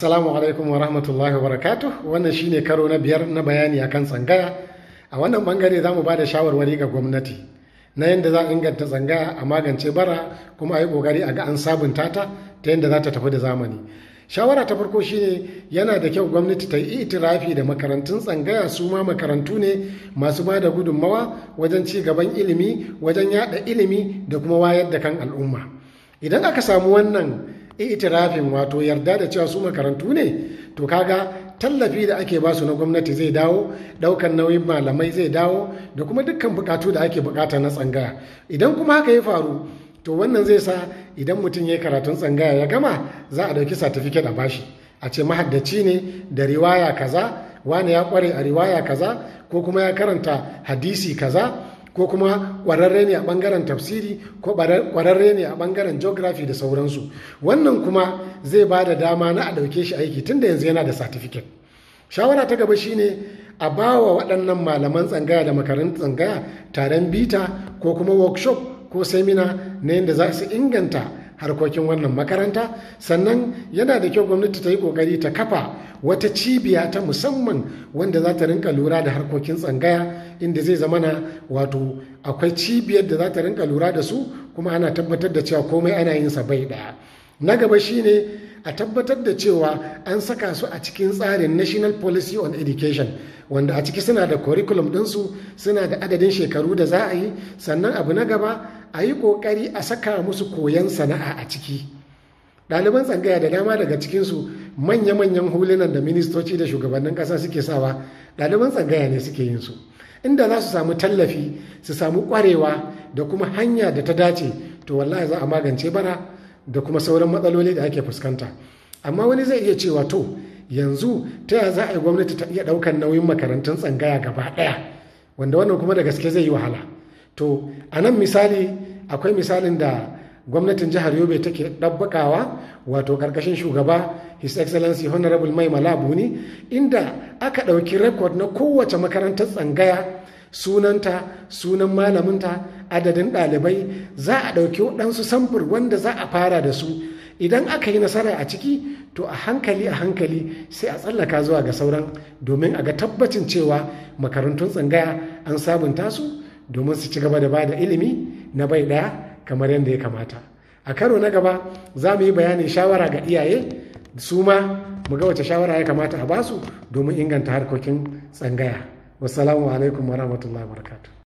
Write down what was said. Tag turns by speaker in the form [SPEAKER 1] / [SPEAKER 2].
[SPEAKER 1] Salamu alaikum wa rahmatullahi wa barakatu wannan shine karo na biyar na bayani akan tsangaya a wannan bangare za mu ba da shawarwari ga gwamnati na yadda za a inganta tsangaya a magance bara kuma a yi kokari a ga an sabunta ta ta yadda za ta tafi da zamani shawara ta farko shine yana da kyau gwamnati ta yi itirafi da makarantun tsangaya su ma makarantu ne masu ba da gudunmawa wajen ci gaban ilimi wajen yada ilimi da kuma wayar da kan al'umma idan aka samu wannan itirafin wato yarda da cewa su makarantu ne to kaga tallafi da ake basu na gwamnati zai dawo daukan nauyin malamai zai dawo da kuma dukkan bukatu da ake bukata na tsangaya idan kuma haka ya faru to wannan zai sa idan mutum ya yi karatun tsangaya ya gama za a dauki satifiket a bashi a ce mahaddaci ne da riwaya kaza wani ya kware a riwaya kaza ko kuma ya karanta hadisi kaza ko kuma ƙwararre ne a bangaren tafsiri ko ƙwararre ne a ɓangaren geography da sauransu wannan kuma zai ba da dama na a ɗauke shi aiki tunda yanzu yana da satifiket. shawara ta gaba shine a ba wa waɗannan malaman tsangaya da makarantar tsangaya taron bita ko kuma workshop ko semina na yadda za su inganta harkokin wannan makaranta sannan yana da kyau gwamnati ta yi kokari ta kafa wata cibiya ta musamman wanda za ta rinka lura da harkokin tsangaya inda zai zamana wato akwai cibiyar da za ta rinka lura da su kuma ana tabbatar da cewa komai ana yin sa bai daya na gaba shine a tabbatar da cewa an saka su a cikin tsarin national policy on education wanda a ciki suna da curriculum su suna da adadin shekaru da za a yi sannan abu na gaba a yi ƙoƙari a saka musu koyon sana'a a ciki ɗaliban tsangaya da dama daga cikinsu manya-manyan hulunan da ministoci da shugabannin ƙasa suke sawa ɗaliban tsangaya ne suke yin su inda za su samu tallafi su samu ƙwarewa da kuma hanya da ta dace to wallahi za a magance bara da kuma sauran matsaloli da ake fuskanta amma wani zai iya cewa to yanzu ta yaya za a yi gwamnati ta iya ɗaukar nauyin makarantun tsangaya gaba ɗaya wanda wannan kuma da gaske zai yi wahala to a nan misali akwai misalin da gwamnatin jihar yobe take ɗabbakawa wato ƙarƙashin shugaba his excellency honorable mai malabuni inda aka ɗauki rekod na kowace makarantar tsangaya sunanta sunan malaminta adadin ɗalibai za a ɗauki waɗansu samfur wanda za a fara da su idan aka yi nasara a ciki to a hankali a hankali sai a tsallaka zuwa ga sauran domin a ga tabbacin cewa makarantun tsangaya an sabunta su domin su ci gaba da bada ilimi na bai ɗaya kamar yadda ya kamata a karo na gaba za mu yi bayanin shawara ga iyaye su ma mu ga wace shawara ya kamata a basu domin inganta harkokin tsangaya. wasalamu alaikum warahmatullahi wabarakatuh